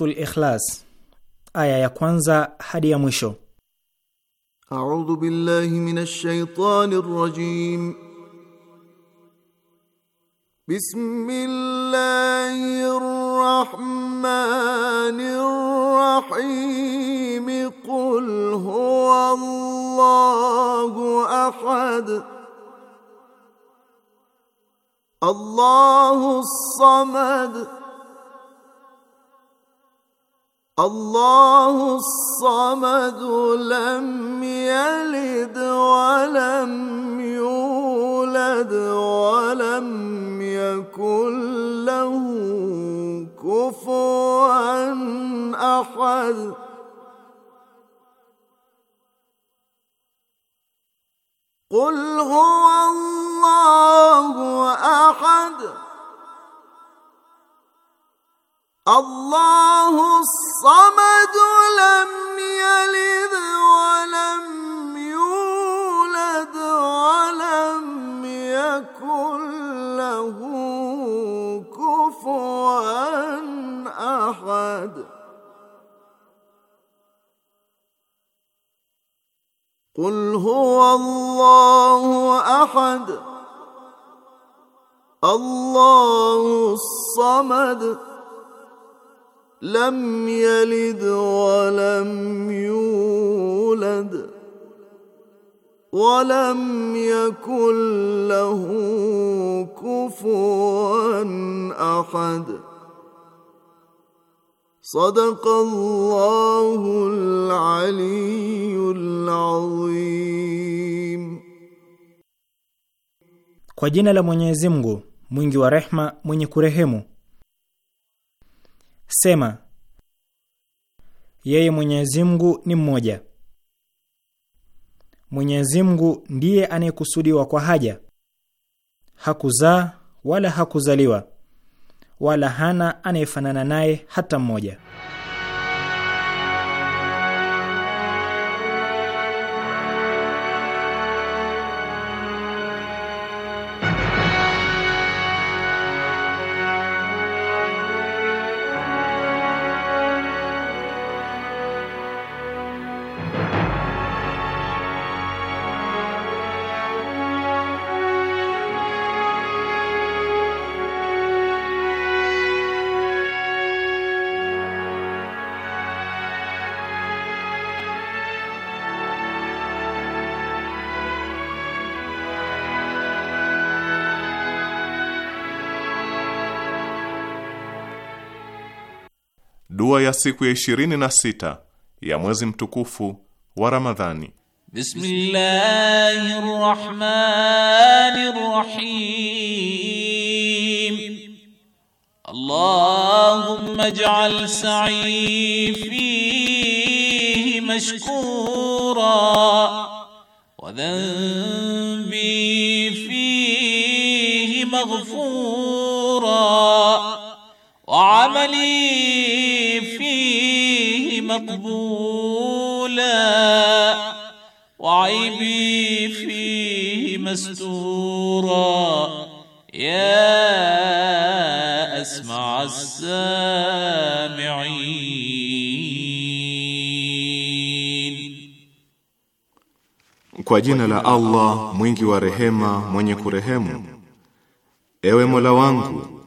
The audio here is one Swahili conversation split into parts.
Suratul Ikhlas aya ya kwanza hadi ya mwisho. A'udhu billahi minash shaitanir rajim. Bismillahir rahmanir rahim. Qul huwallahu ahad. الله الصمد الله الصمد لم يلد ولم يولد ولم يكن له كفوا احد قل هو الله احد الله الصمد لم يلد ولم يولد ولم يكن له كفوا احد قل هو الله احد الله الصمد لم يلد ولم يولد ولم يكن له كفوا احد صدق الله العلي العظيم kwa jina la mwenyezi mungu mwingi wa rehma mwenye kurehemu Sema, yeye Mwenyezi Mungu ni mmoja. Mwenyezi Mungu ndiye anayekusudiwa kwa haja. Hakuzaa wala hakuzaliwa, wala hana anayefanana naye hata mmoja. Dua ya siku ya sita ya mwezi mtukufu wa Ramadhani. Bismillahir Rahmanir Rahim. Allahumma ij'al sa'i fihi mashkura wa dhan مقبولا وعيبي فيه مستورا يا أسمع السامعين Kwa jina la Allah mwingi wa rehema mwenye kurehemu, ewe Mola wangu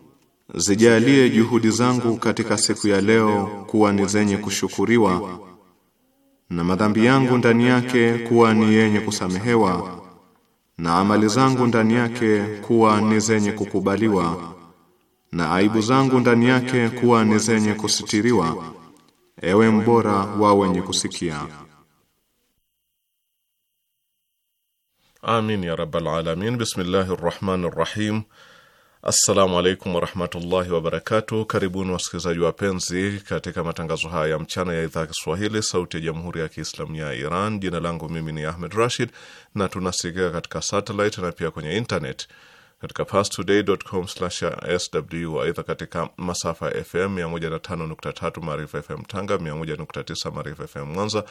zijalie juhudi zangu katika siku ya leo kuwa ni zenye kushukuriwa na madhambi yangu ndani yake kuwa ni yenye kusamehewa na amali zangu ndani yake kuwa ni zenye kukubaliwa na aibu zangu ndani yake kuwa ni zenye kusitiriwa ewe mbora wa wenye kusikia Amin ya rabbal alamin bismillahir rahmanir rahim Assalamu alaikum warahmatullahi wabarakatu. Karibuni wasikilizaji wapenzi katika matangazo haya ya mchana ya idhaa Kiswahili sauti ya jamhuri ya Kiislamu ya Iran. Jina langu mimi ni Ahmed Rashid na tunasikika katika satelit na pia kwenye internet katika pastoday.com/sw. Aidha, katika masafa ya FM 105.3 Maarifa FM Tanga, 101.9 Maarifa FM Mwanza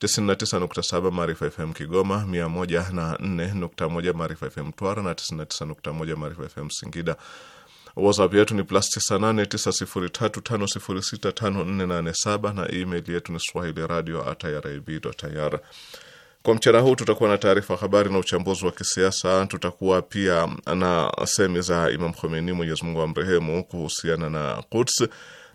99.7 Maarifa FM Kigoma, 104.1 Maarifa FM Twara na 99.1 Maarifa FM Singida. WhatsApp yetu ni plus 989035065487 na email yetu ni swahili radio at irib.ir. Kwa mchana huu tutakuwa na taarifa habari na uchambuzi wa kisiasa. Tutakuwa pia na semi za Imam Khomeini, Mwenyezi Mungu amrehemu, kuhusiana na Quds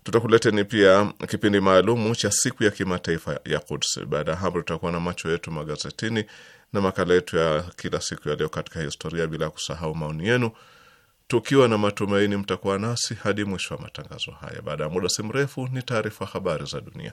Tutakuleteni pia kipindi maalumu cha siku ya kimataifa ya Quds. Baada ya hapo, tutakuwa na macho yetu magazetini na makala yetu ya kila siku ya leo katika historia, bila kusahau maoni yenu, tukiwa na matumaini mtakuwa nasi hadi mwisho wa matangazo haya. Baada ya muda si mrefu, ni taarifa habari za dunia.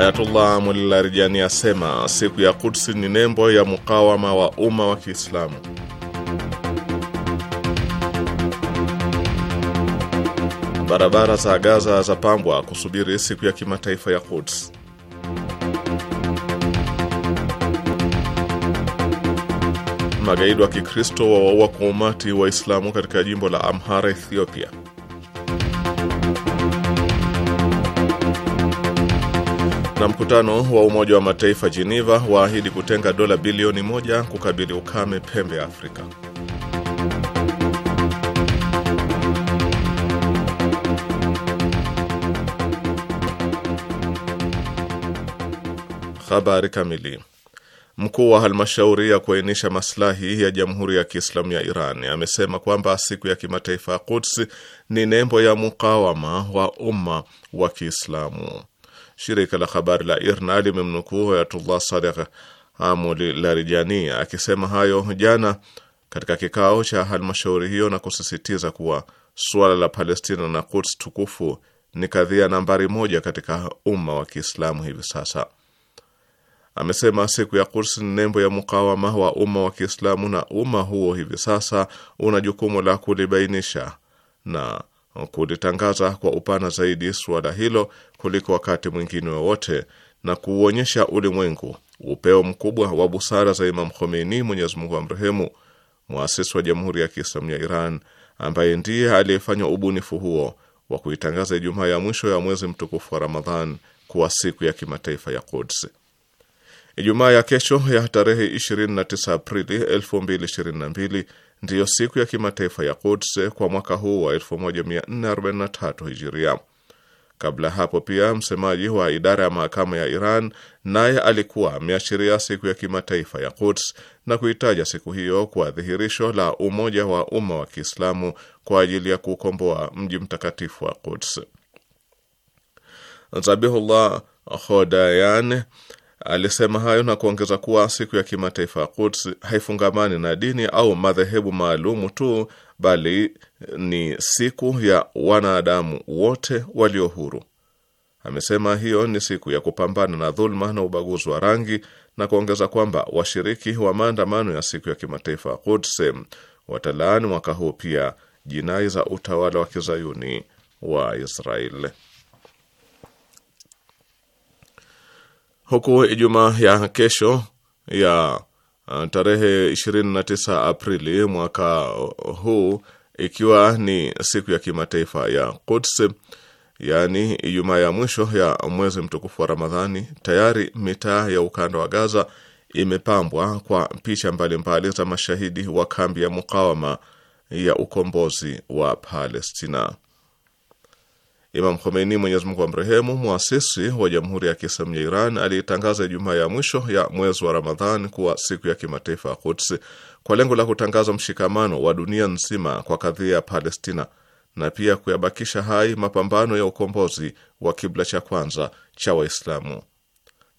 Ayatullah mulilarijani asema siku ya Kudsi ni nembo ya mukawama wa umma wa Kiislamu. Barabara za Gaza za kusubiri siku ya kimataifa ya Quds. Magaidi wa Kikristo wawaua kwa umati Waislamu katika jimbo la Amhara, Ethiopia. Na mkutano wa Umoja wa Mataifa Geneva waahidi kutenga dola bilioni moja kukabili ukame pembe ya Afrika. Habari kamili. Mkuu wa halmashauri ya kuainisha maslahi ya Jamhuri ya Kiislamu ya Iran amesema kwamba siku ya kimataifa ya Quds ni nembo ya mukawama wa umma wa Kiislamu. Shirika la habari la IRNA limemnukuu Ayatullah amuli larijani akisema hayo jana katika kikao cha halmashauri hiyo na kusisitiza kuwa suala la Palestina na Quds tukufu ni kadhia nambari moja katika umma wa Kiislamu hivi sasa. Amesema siku ya Quds ni nembo ya mukawama wa umma wa Kiislamu, na umma huo hivi sasa una jukumu la kulibainisha na kulitangaza kwa upana zaidi suala hilo kuliko wakati mwingine wowote na kuuonyesha ulimwengu upeo mkubwa wa busara za Imam Khomeini, Mwenyezi Mungu amrehemu, mwasisi wa Jamhuri ya Kiislamu ya Iran, ambaye ndiye aliyefanya ubunifu huo wa kuitangaza Ijumaa ya mwisho ya mwezi mtukufu wa Ramadhan kuwa siku ya kimataifa ya Quds. Ijumaa ya kesho ya tarehe 29 Aprili 2022 ndiyo siku ya kimataifa ya Quds kwa mwaka huu wa 1443 Hijiria. Kabla hapo pia msemaji wa idara ya mahakama ya Iran naye alikuwa ameashiria siku ya kimataifa ya Quds na kuitaja siku hiyo kwa dhihirisho la umoja wa umma wa Kiislamu kwa ajili ya kukomboa mji mtakatifu wa Quds. Zabihullah Khodayan alisema hayo na kuongeza kuwa siku ya kimataifa ya Quds haifungamani na dini au madhehebu maalumu tu bali ni siku ya wanadamu wote walio huru. Amesema hiyo ni siku ya kupambana na dhuluma na ubaguzi wa rangi na kuongeza kwamba washiriki wa maandamano ya siku ya kimataifa Quds watalaani mwaka huu pia jinai za utawala wa kizayuni wa Israel. Huku Ijumaa ya kesho ya Ah, tarehe 29 Aprili mwaka huu ikiwa ni siku ya kimataifa ya Quds, yaani Ijumaa ya mwisho ya mwezi mtukufu wa Ramadhani, tayari mitaa ya ukanda wa Gaza imepambwa kwa picha mbalimbali za mashahidi wa kambi ya mukawama ya ukombozi wa Palestina. Imam Khomeini, Mwenyezi Mungu amrehemu, muasisi wa Jamhuri ya Kiislamu ya Iran, aliitangaza Ijumaa ya mwisho ya mwezi wa Ramadhan kuwa siku ya kimataifa ya Quds kwa lengo la kutangaza mshikamano wa dunia nzima kwa kadhia ya Palestina na pia kuyabakisha hai mapambano ya ukombozi wa kibla cha kwanza cha Waislamu.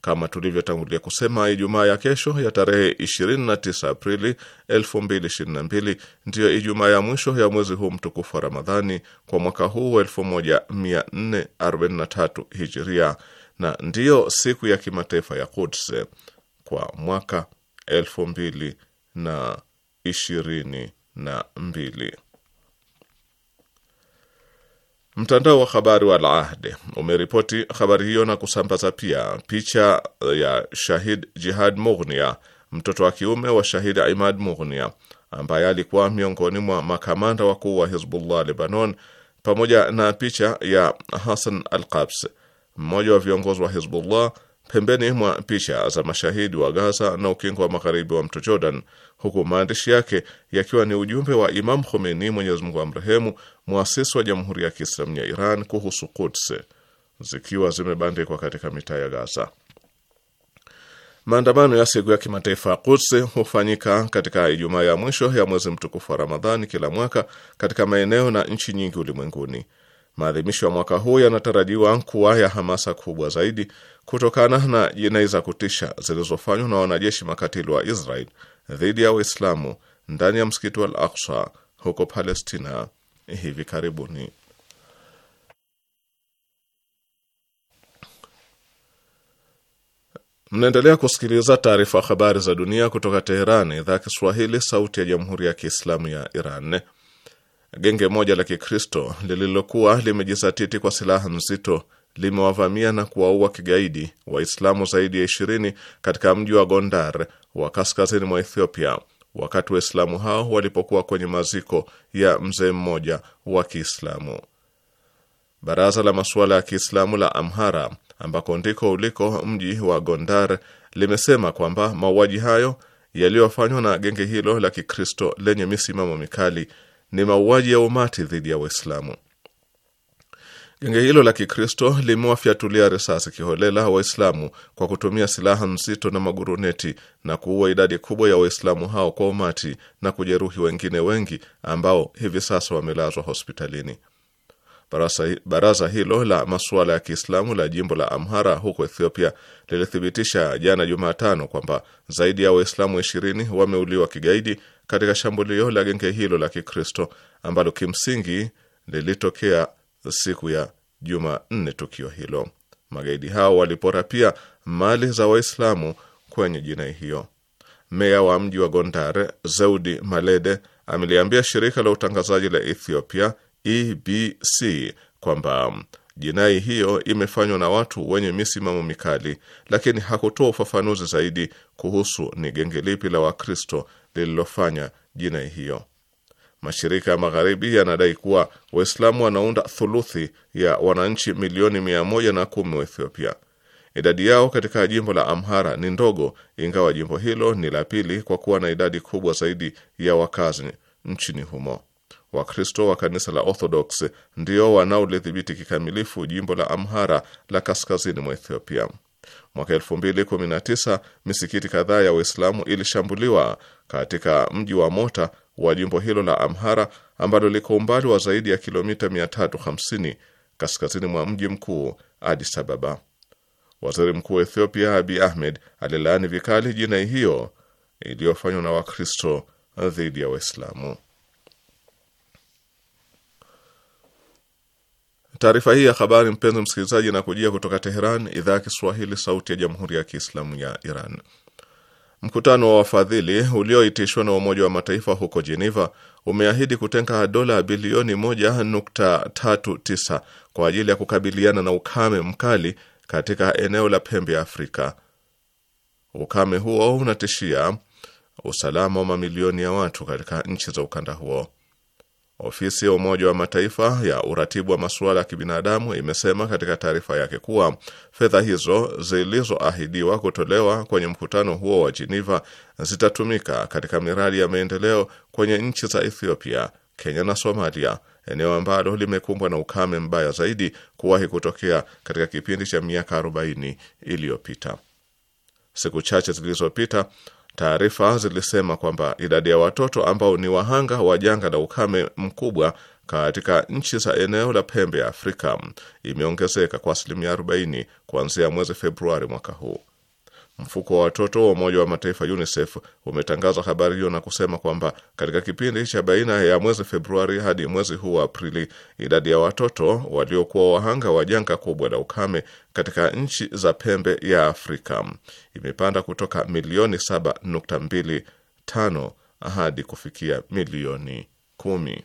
Kama tulivyotangulia kusema, Ijumaa ya kesho ya tarehe 29 Aprili 2022 ndiyo Ijumaa ya mwisho ya mwezi huu mtukufu wa Ramadhani kwa mwaka huu wa 1443 Hijiria, na ndiyo siku ya kimataifa ya Quds kwa mwaka 2022. Mtandao wa habari wa Al-Ahd umeripoti habari hiyo na kusambaza pia picha ya Shahid Jihad Mughnia, mtoto wa kiume wa Shahid Imad Mughnia ambaye alikuwa miongoni mwa makamanda wakuu wa Hizbullah Lebanon, pamoja na picha ya Hassan Al-Qabs, mmoja wa viongozi wa Hizbullah pembeni mwa picha za mashahidi wa Gaza na ukingo wa magharibi wa mto Jordan, huku maandishi yake yakiwa ni ujumbe wa Imam Khomeini, Mwenyezi Mungu amrehemu, mwasisi wa Jamhuri ya Kiislamu ya Iran, kuhusu Quds, zikiwa zimebandikwa katika mitaa ya Gaza. Maandamano ya siku ya kimataifa ya Quds hufanyika katika Ijumaa ya mwisho ya mwezi mtukufu wa Ramadhani kila mwaka katika maeneo na nchi nyingi ulimwenguni. Maadhimisho ya mwaka huu yanatarajiwa kuwa ya hamasa kubwa zaidi kutokana na jinai za kutisha zilizofanywa na wanajeshi makatili wa Israel dhidi ya Waislamu ndani ya msikiti wa Al-Aqsa huko Palestina hivi karibuni. Mnaendelea kusikiliza taarifa habari za dunia kutoka Teherani, idhaa ya Kiswahili, sauti ya Jamhuri ya Kiislamu ya Iran. Genge moja la Kikristo lililokuwa limejizatiti kwa silaha nzito limewavamia na kuwaua kigaidi Waislamu zaidi ya ishirini katika mji wa Gondar wa kaskazini mwa Ethiopia wakati Waislamu hao walipokuwa kwenye maziko ya mzee mmoja wa Kiislamu. Baraza la masuala ya Kiislamu la Amhara, ambako ndiko uliko mji wa Gondar, limesema kwamba mauaji hayo yaliyofanywa na genge hilo la Kikristo lenye misimamo mikali ni mauaji ya umati dhidi ya Waislamu. Genge hilo la Kikristo limewafyatulia risasi kiholela Waislamu kwa kutumia silaha nzito na maguruneti na kuua idadi kubwa ya Waislamu hao kwa umati na kujeruhi wengine wengi ambao hivi sasa wamelazwa hospitalini. Barasa, baraza hilo la masuala ya Kiislamu la jimbo la Amhara huko Ethiopia lilithibitisha jana Jumatano kwamba zaidi ya Waislamu 20 wameuliwa kigaidi katika shambulio la genge hilo la Kikristo ambalo kimsingi lilitokea siku ya Jumanne. Tukio hilo, magaidi hao walipora pia mali za Waislamu kwenye jinai hiyo. Meya wa mji wa Gondare Zeudi Malede ameliambia shirika la utangazaji la Ethiopia EBC kwamba jinai hiyo imefanywa na watu wenye misimamo mikali, lakini hakutoa ufafanuzi zaidi kuhusu ni genge lipi la Wakristo lililofanya jinai hiyo. Mashirika ya magharibi yanadai kuwa Waislamu wanaunda thuluthi ya wananchi milioni mia moja na kumi wa Ethiopia. Idadi yao katika jimbo la Amhara ni ndogo, ingawa jimbo hilo ni la pili kwa kuwa na idadi kubwa zaidi ya wakazi nchini humo. Wakristo wa kanisa la Orthodox ndio wanaolidhibiti kikamilifu jimbo la Amhara la kaskazini mwa Ethiopia. Mwaka 2019 misikiti kadhaa ya Waislamu ilishambuliwa katika mji wa Mota wa jimbo hilo la Amhara ambalo liko umbali wa zaidi ya kilomita 350 kaskazini mwa mji mkuu Addis Ababa. Waziri Mkuu wa Ethiopia Abiy Ahmed alilaani vikali jinai hiyo iliyofanywa na Wakristo dhidi ya Waislamu. Taarifa hii ya habari, mpenzi msikilizaji, inakujia kutoka Teheran, idhaa ya Kiswahili, sauti ya jamhuri ya kiislamu ya Iran. Mkutano wa wafadhili ulioitishwa na Umoja wa Mataifa huko jeneva umeahidi kutenga dola bilioni 1.39 kwa ajili ya kukabiliana na ukame mkali katika eneo la pembe ya Afrika. Ukame huo unatishia usalama wa mamilioni ya watu katika nchi za ukanda huo. Ofisi ya Umoja wa Mataifa ya uratibu wa masuala ya kibinadamu imesema katika taarifa yake kuwa fedha hizo zilizoahidiwa kutolewa kwenye mkutano huo wa Geneva zitatumika katika miradi ya maendeleo kwenye nchi za Ethiopia, Kenya na Somalia, eneo ambalo limekumbwa na ukame mbaya zaidi kuwahi kutokea katika kipindi cha miaka 40 iliyopita. Siku chache zilizopita Taarifa zilisema kwamba idadi ya watoto ambao ni wahanga wa janga la ukame mkubwa katika nchi za eneo la pembe ya Afrika imeongezeka kwa asilimia 40 kuanzia mwezi Februari mwaka huu. Mfuko wa watoto wa Umoja wa Mataifa UNICEF umetangaza habari hiyo na kusema kwamba katika kipindi cha baina ya mwezi Februari hadi mwezi huu wa Aprili, idadi ya watoto waliokuwa wahanga wa janga kubwa la ukame katika nchi za pembe ya Afrika imepanda kutoka milioni 7.25 hadi kufikia milioni 1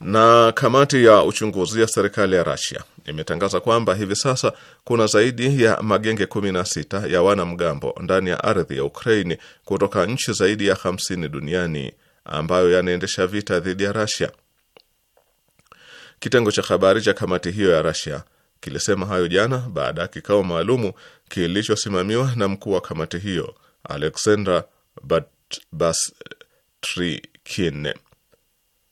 Na kamati ya uchunguzi ya serikali ya Russia imetangaza kwamba hivi sasa kuna zaidi ya magenge 16 ya wanamgambo ndani ya ardhi ya Ukraini kutoka nchi zaidi ya 50 duniani ambayo yanaendesha vita dhidi ya Rasia. Kitengo cha habari cha kamati hiyo ya Rasia kilisema hayo jana baada ya kikao maalumu kilichosimamiwa na mkuu wa kamati hiyo Alexandra Bastrikin.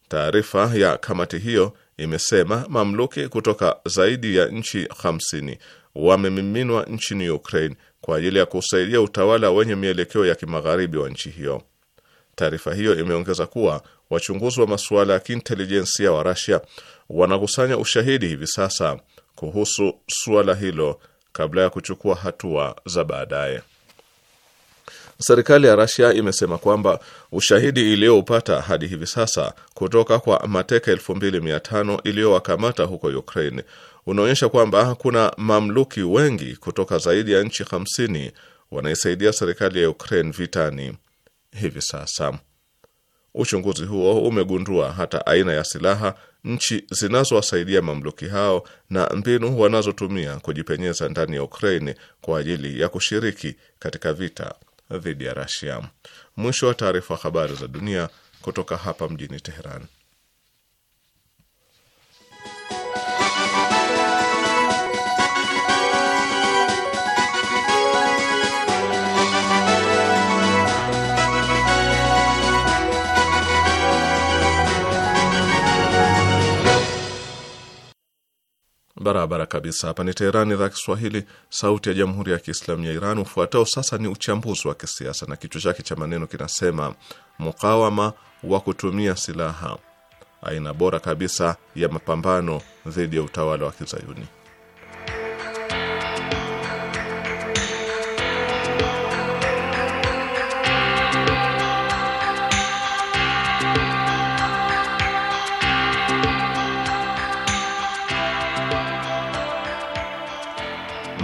Taarifa ya kamati hiyo imesema mamluki kutoka zaidi ya nchi 50 wamemiminwa nchini Ukraine kwa ajili ya kusaidia utawala wenye mielekeo ya kimagharibi wa nchi hiyo. Taarifa hiyo imeongeza kuwa wachunguzi wa masuala ya kiintelijensia wa Russia wanakusanya ushahidi hivi sasa kuhusu suala hilo kabla ya kuchukua hatua za baadaye. Serikali ya Rasia imesema kwamba ushahidi iliyoupata hadi hivi sasa kutoka kwa mateka 2500 iliyowakamata huko Ukraine unaonyesha kwamba kuna mamluki wengi kutoka zaidi ya nchi 50 wanaisaidia serikali ya Ukraine vitani hivi sasa. Uchunguzi huo umegundua hata aina ya silaha, nchi zinazowasaidia mamluki hao na mbinu wanazotumia kujipenyeza ndani ya Ukraine kwa ajili ya kushiriki katika vita dhidi ya Rasia. Mwisho wa taarifa. Habari za dunia kutoka hapa mjini Teheran. Barabara kabisa. Hapa ni Teheran, idhaa Kiswahili, sauti ya jamhuri ya kiislamu ya Iran. Ufuatao sasa ni uchambuzi wa kisiasa na kichwa chake cha maneno kinasema: mukawama wa kutumia silaha, aina bora kabisa ya mapambano dhidi ya utawala wa Kizayuni.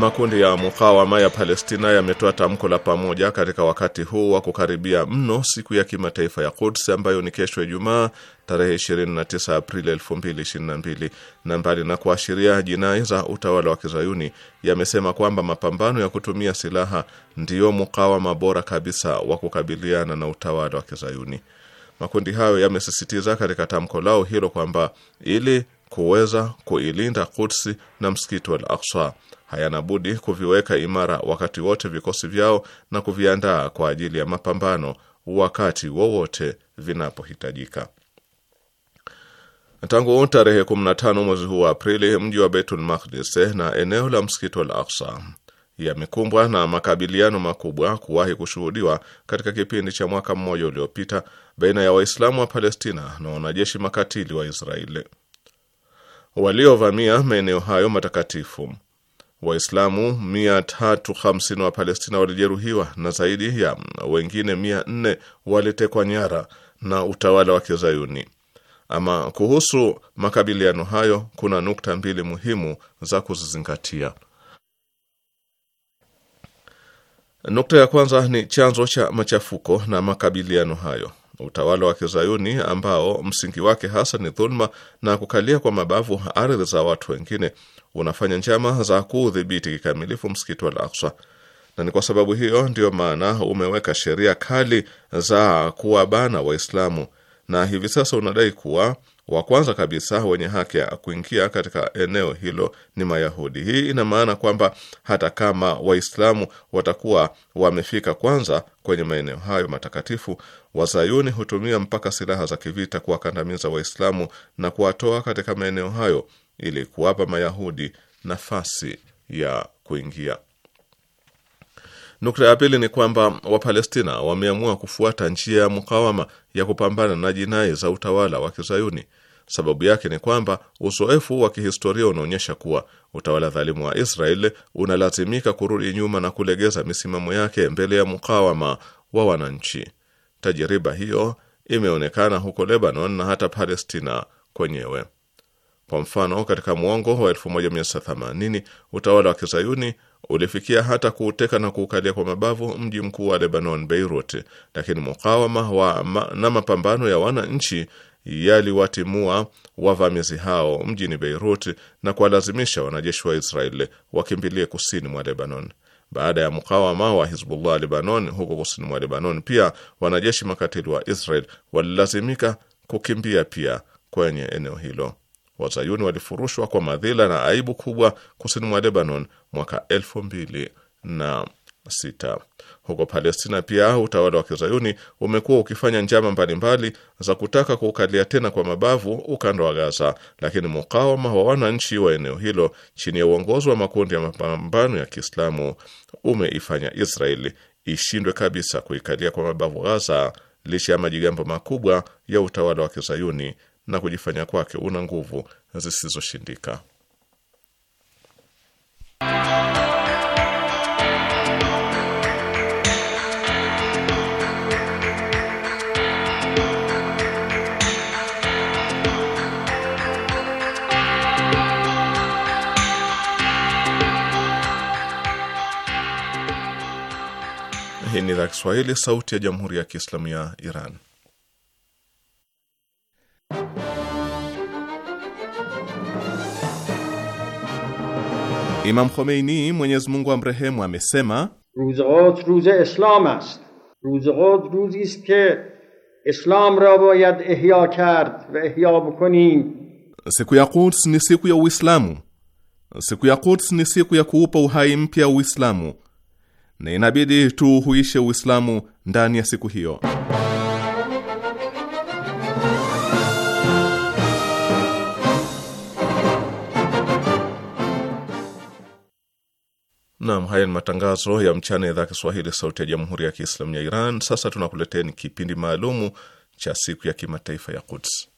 Makundi ya mukawama ya Palestina yametoa tamko la pamoja katika wakati huu wa kukaribia mno siku ya kimataifa ya Quds ambayo ni kesho Ijumaa tarehe 29 Aprili 2022, na mbali na kuashiria jinai za utawala wa Kizayuni, yamesema kwamba mapambano ya kutumia silaha ndiyo mukawama bora kabisa wa kukabiliana na utawala wa Kizayuni. Makundi hayo yamesisitiza katika tamko lao hilo kwamba ili kuweza kuilinda Quds na msikiti wa Al-Aqsa hayana budi kuviweka imara wakati wote vikosi vyao na kuviandaa kwa ajili ya mapambano wakati wowote vinapohitajika. Tangu tarehe 15 mwezi huu wa Aprili, mji wa Beitul Makdis na eneo la msikiti Al Aksa yamekumbwa na makabiliano makubwa kuwahi kushuhudiwa katika kipindi cha mwaka mmoja uliopita baina ya Waislamu wa Palestina na wanajeshi makatili wa Israeli waliovamia maeneo hayo matakatifu Waislamu 350 wa Palestina walijeruhiwa na zaidi ya wengine 400 walitekwa nyara na utawala wa Kizayuni. Ama kuhusu makabiliano hayo, kuna nukta mbili muhimu za kuzizingatia. Nukta ya kwanza ni chanzo cha machafuko na makabiliano hayo. Utawala wa Kizayuni ambao msingi wake hasa ni dhuluma na kukalia kwa mabavu ardhi za watu wengine unafanya njama za kuudhibiti kikamilifu msikiti wa Al-Aqsa, na ni kwa sababu hiyo ndiyo maana umeweka sheria kali za kuwabana Waislamu, na hivi sasa unadai kuwa wa kwanza kabisa wenye haki ya kuingia katika eneo hilo ni Mayahudi. Hii ina maana kwamba hata kama Waislamu watakuwa wamefika kwanza kwenye maeneo hayo matakatifu, Wazayuni hutumia mpaka silaha za kivita kuwakandamiza Waislamu na kuwatoa katika maeneo hayo ili kuwapa Mayahudi nafasi ya kuingia. Nukta ya pili ni kwamba Wapalestina wameamua kufuata njia ya mukawama ya kupambana na jinai za utawala wa Kizayuni. Sababu yake ni kwamba uzoefu wa kihistoria unaonyesha kuwa utawala dhalimu wa Israeli unalazimika kurudi nyuma na kulegeza misimamo yake mbele ya mukawama wa wananchi. Tajiriba hiyo imeonekana huko Lebanon na hata Palestina kwenyewe. Kwa mfano, katika mwongo wa 1980 utawala wa kizayuni ulifikia hata kuuteka na kuukalia kwa mabavu mji mkuu wa Lebanon, Beirut, lakini mukawama wa ma, na mapambano ya wananchi yaliwatimua wavamizi hao mjini Beirut na kuwalazimisha wanajeshi wa Israeli wakimbilie kusini mwa Lebanon. Baada ya mukawama wa Hizbullah Lebanon huko kusini mwa Lebanon, pia wanajeshi makatili wa Israel walilazimika kukimbia pia kwenye eneo hilo. Wazayuni walifurushwa kwa madhila na aibu kubwa kusini mwa Lebanon mwaka elfu mbili na sita. Huko Palestina pia utawala wa kizayuni umekuwa ukifanya njama mbalimbali za kutaka kuukalia tena kwa mabavu ukanda wa Gaza, lakini mukawama wa wananchi wa eneo hilo chini ya uongozi wa makundi ya mapambano ya Kiislamu umeifanya Israeli ishindwe kabisa kuikalia kwa mabavu Gaza licha ya majigambo makubwa ya utawala wa kizayuni na kujifanya kwake una nguvu zisizoshindika. Hii ni idhaa Kiswahili, sauti ya jamhuri ya kiislamu ya Iran. Imam Khomeini, Mwenyezi Mungu amrehemu, amesema Ruz Quds ruz Islam ast. Ruz Quds ruzi ist ke Islam ra bayad ihya kard va ihya bukonim. Siku ya Quds ni siku ya Uislamu. Siku ya Quds ni siku ya kuupa uhai mpya Uislamu. Na inabidi tuuhuishe Uislamu ndani ya siku hiyo. Naam, haya ni matangazo ya mchana ya idhaa Kiswahili sauti ya jamhuri ya kiislamu ya Iran. Sasa tunakuletea ni kipindi maalumu cha siku ya kimataifa ya Quds.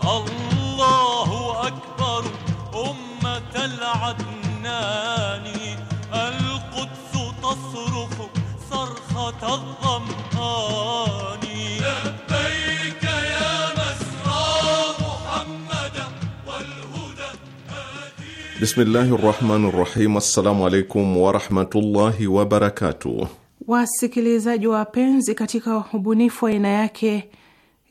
Allahu Akbar. Bismillahi rahmani rahim. Assalamu alaikum warahmatullahi wabarakatuh. Wasikilizaji wa wapenzi, katika ubunifu wa aina yake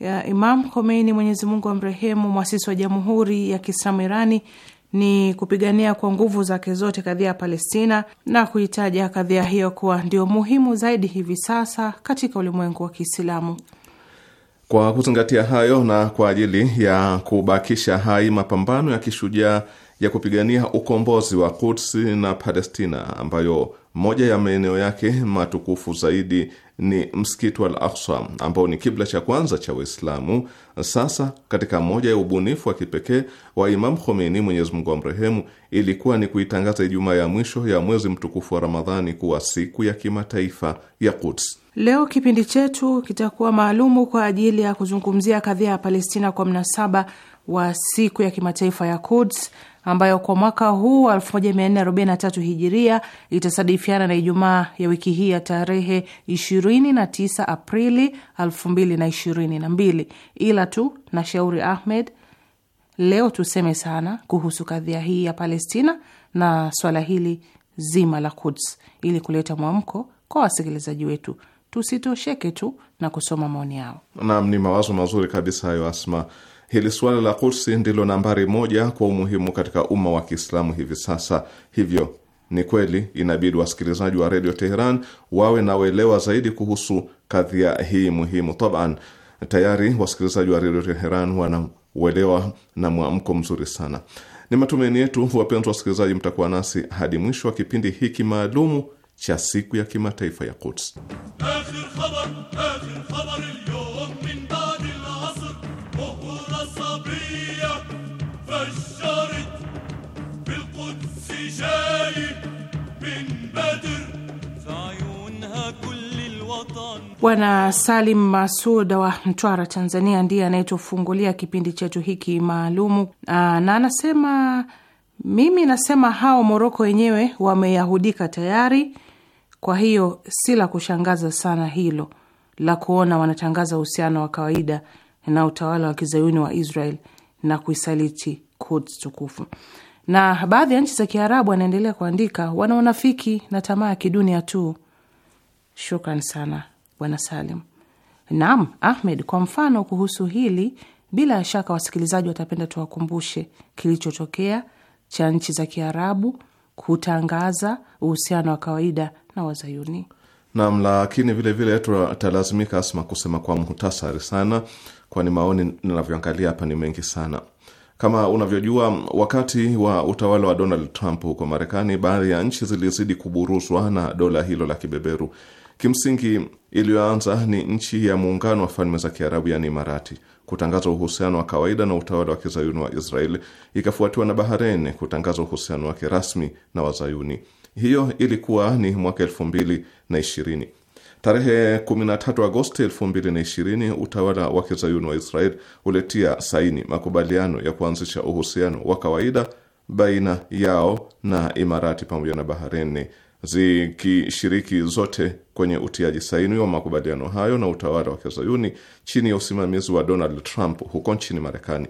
ya Imam Khomeini, Mwenyezi Mungu amrehemu, mwasisi wa Jamhuri ya Kiislamu Irani, ni kupigania kwa nguvu zake zote kadhia ya Palestina na kuitaja kadhia hiyo kuwa ndio muhimu zaidi hivi sasa katika ulimwengu wa Kiislamu. Kwa kuzingatia hayo na kwa ajili ya kubakisha hai mapambano ya kishujaa ya kupigania ukombozi wa Kutsi na Palestina, ambayo moja ya maeneo yake matukufu zaidi ni msikiti wa Al-Aqsa ambao ni kibla cha kwanza cha uislamu Sasa katika moja ya ubunifu wa kipekee wa Imam Khomeini, Mwenyezi Mungu amrehemu, ilikuwa ni kuitangaza Ijumaa ya mwisho ya mwezi mtukufu wa Ramadhani kuwa siku ya kimataifa ya Quds. Leo kipindi chetu kitakuwa maalumu kwa ajili ya kuzungumzia kadhia ya Palestina kwa mnasaba wa siku ya kimataifa ya Quds ambayo kwa mwaka huu 1443 hijiria itasadifiana na Ijumaa ya wiki hii ya tarehe 29 Aprili 2022. Ila tu na Shauri Ahmed, leo tuseme sana kuhusu kadhia hii ya Palestina na swala hili zima la Quds ili kuleta mwamko kwa wasikilizaji wetu. Tusitosheke tu na kusoma maoni yao. Naam, ni mawazo mazuri kabisa hayo Asma. Hili suala la Kursi ndilo nambari moja kwa umuhimu katika umma wa Kiislamu hivi sasa. Hivyo ni kweli inabidi wasikilizaji wa redio Teheran wawe na uelewa zaidi kuhusu kadhia hii muhimu. Taban, tayari wasikilizaji wa redio Teheran wana uelewa na mwamko mzuri sana. Ni matumaini yetu, wapenzi wasikilizaji, mtakuwa nasi hadi mwisho wa kipindi hiki maalumu cha siku ya kimataifa ya Quds. الشرد بالقدس جاي من بدر Bwana Salim Masud wa Mtwara, Tanzania, ndiye anayetufungulia kipindi chetu hiki maalumu, na anasema mimi nasema hao Moroko wenyewe wameyahudika tayari, kwa hiyo si la kushangaza sana hilo la kuona wanatangaza uhusiano wa kawaida na utawala wa kizayuni wa Israel na kuisaliti tukufu. Na baadhi ya nchi za Kiarabu, anaendelea kuandika, wana unafiki na tamaa ya kidunia tu. Shukran sana Bwana Salim. Naam Ahmed, kwa mfano kuhusu hili, bila shaka wasikilizaji watapenda tuwakumbushe kilichotokea cha nchi za Kiarabu kutangaza uhusiano wa kawaida na Wazayuni. Naam, lakini vilevile tutalazimika Asma kusema kwa muhtasari sana, kwani maoni ninavyoangalia hapa ni mengi sana. Kama unavyojua, wakati wa utawala wa Donald Trump huko Marekani, baadhi ya nchi zilizidi kuburuzwa na dola hilo la kibeberu. Kimsingi, iliyoanza ni nchi ya Muungano wa Falme za Kiarabu, yani Imarati, kutangaza uhusiano wa kawaida na utawala wa kizayuni wa israel ikafuatiwa na Bahrain kutangaza uhusiano wake rasmi na Wazayuni. Hiyo ilikuwa ni mwaka elfu mbili na ishirini. Tarehe 13 Agosti 2020 utawala wa kizayuni wa Israel ulitia saini makubaliano ya kuanzisha uhusiano wa kawaida baina yao na Imarati pamoja na Bahareni, zikishiriki zote kwenye utiaji saini wa makubaliano hayo na utawala wa kizayuni chini ya usimamizi wa Donald Trump huko nchini Marekani.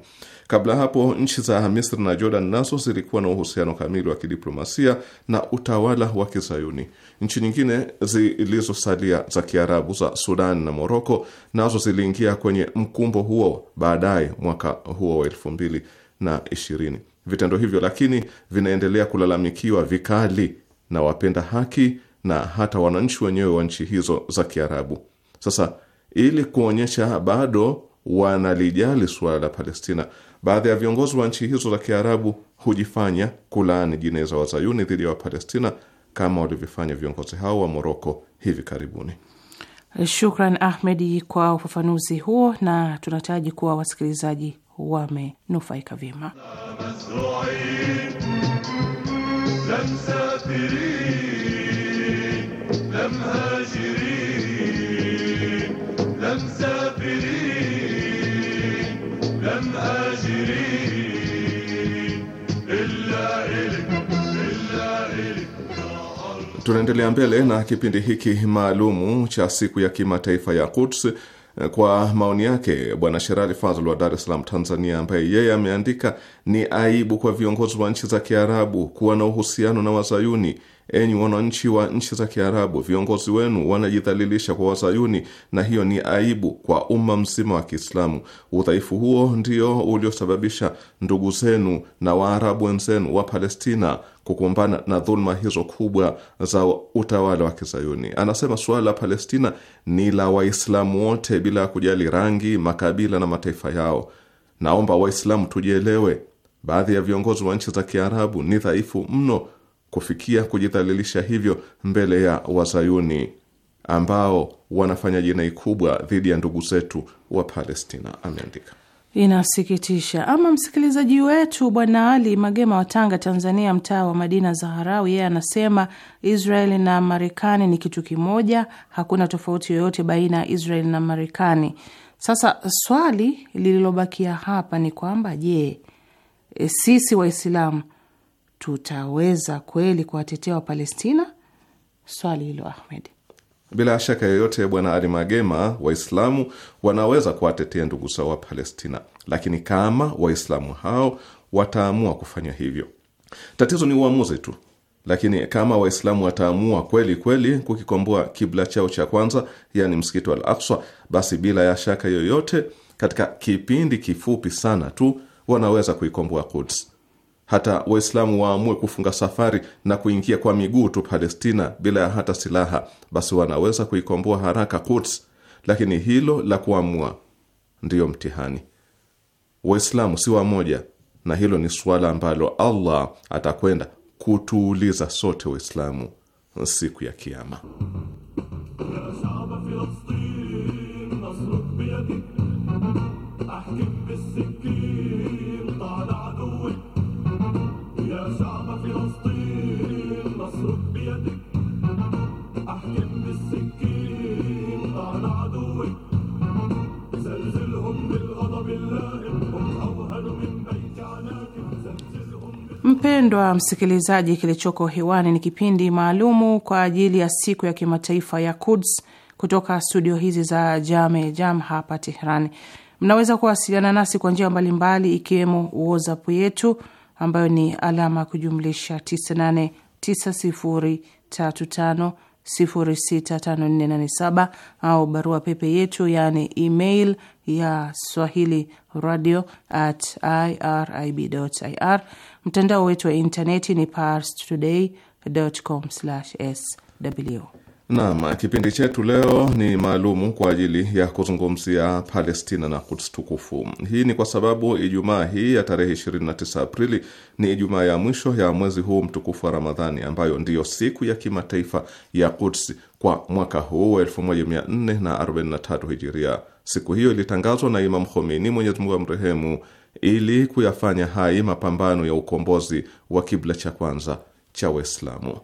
Kabla hapo nchi za Misri na Jordan nazo zilikuwa na uhusiano kamili wa kidiplomasia na utawala wa Kizayuni. Nchi nyingine zilizosalia za Kiarabu za Sudan na Moroko nazo ziliingia kwenye mkumbo huo baadaye mwaka huo wa elfu mbili na ishirini. Vitendo hivyo lakini vinaendelea kulalamikiwa vikali na wapenda haki na hata wananchi wenyewe wa nchi hizo za Kiarabu. Sasa ili kuonyesha bado wanalijali suala la Palestina, baadhi ya viongozi wa nchi hizo za Kiarabu hujifanya kulaani jinai za wazayuni dhidi ya Wapalestina kama walivyofanya viongozi hao wa Moroko hivi karibuni. Shukran Ahmedi kwa ufafanuzi huo, na tunataraji kuwa wasikilizaji wamenufaika vyema. Tunaendelea mbele na kipindi hiki maalumu cha siku ya kimataifa ya Quds kwa maoni yake Bwana Sherali Fazl wa Dar es Salaam, Tanzania, ambaye yeye ameandika: ni aibu kwa viongozi wa nchi za Kiarabu kuwa na uhusiano na Wazayuni Enyi wananchi wa nchi za Kiarabu, viongozi wenu wanajidhalilisha kwa Wazayuni, na hiyo ni aibu kwa umma mzima wa Kiislamu. Udhaifu huo ndio uliosababisha ndugu zenu na Waarabu wenzenu wa Palestina kukumbana na dhuluma hizo kubwa za utawala wa Kizayuni. Anasema suala la Palestina ni la Waislamu wote bila ya kujali rangi, makabila na mataifa yao. Naomba Waislamu tujielewe. Baadhi ya viongozi wa nchi za Kiarabu ni dhaifu mno kufikia kujidhalilisha hivyo mbele ya wazayuni ambao wanafanya jinai kubwa dhidi ya ndugu zetu wa Palestina, ameandika. Inasikitisha. Ama msikilizaji wetu Bwana Ali Magema wa Tanga, Tanzania, mtaa wa Madina Zaharau, yeye anasema Israeli na Marekani ni kitu kimoja, hakuna tofauti yoyote baina ya Israeli na Marekani. Sasa swali lililobakia hapa ni kwamba je, sisi Waislamu tutaweza kweli kuwatetea Wapalestina? Swali hilo Ahmed. Bila shaka yoyote, Bwana Ali Magema, Waislamu wanaweza kuwatetea ndugu zao wa Palestina, lakini kama Waislamu hao wataamua kufanya hivyo, tatizo ni uamuzi tu. Lakini kama Waislamu wataamua kweli kweli kukikomboa kibla chao cha kwanza, yani msikiti wa Al Akswa, basi bila ya shaka yoyote, katika kipindi kifupi sana tu wanaweza kuikomboa Kuds hata Waislamu waamue kufunga safari na kuingia kwa miguu tu Palestina bila ya hata silaha, basi wanaweza kuikomboa haraka Quds, lakini hilo la kuamua ndiyo mtihani. Waislamu si wamoja, na hilo ni suala ambalo Allah atakwenda kutuuliza sote Waislamu siku ya kiama Mpendwa msikilizaji, kilichoko hewani ni kipindi maalumu kwa ajili ya siku ya kimataifa ya Kuds kutoka studio hizi za Jame Jam hapa Teherani. Mnaweza kuwasiliana nasi kwa njia mbalimbali, ikiwemo WhatsApp yetu ambayo ni alama ya kujumlisha 989035065487 au barua pepe yetu yaani email ya swahili radio at irib.ir. Mtandao wetu wa intaneti ni parstoday.com/sw. Naam, kipindi chetu leo ni maalumu kwa ajili ya kuzungumzia Palestina na kuts tukufu. Hii ni kwa sababu Ijumaa hii ya tarehe 29 Aprili ni Ijumaa ya mwisho ya mwezi huu mtukufu wa Ramadhani, ambayo ndiyo siku ya kimataifa ya Quds kwa mwaka huu 1443 Hijiria. Siku hiyo ilitangazwa na Imam Khomeini, Mwenyezi Mungu amrehemu ili kuyafanya hai mapambano ya ukombozi wa kibla cha kwanza cha Waislamu.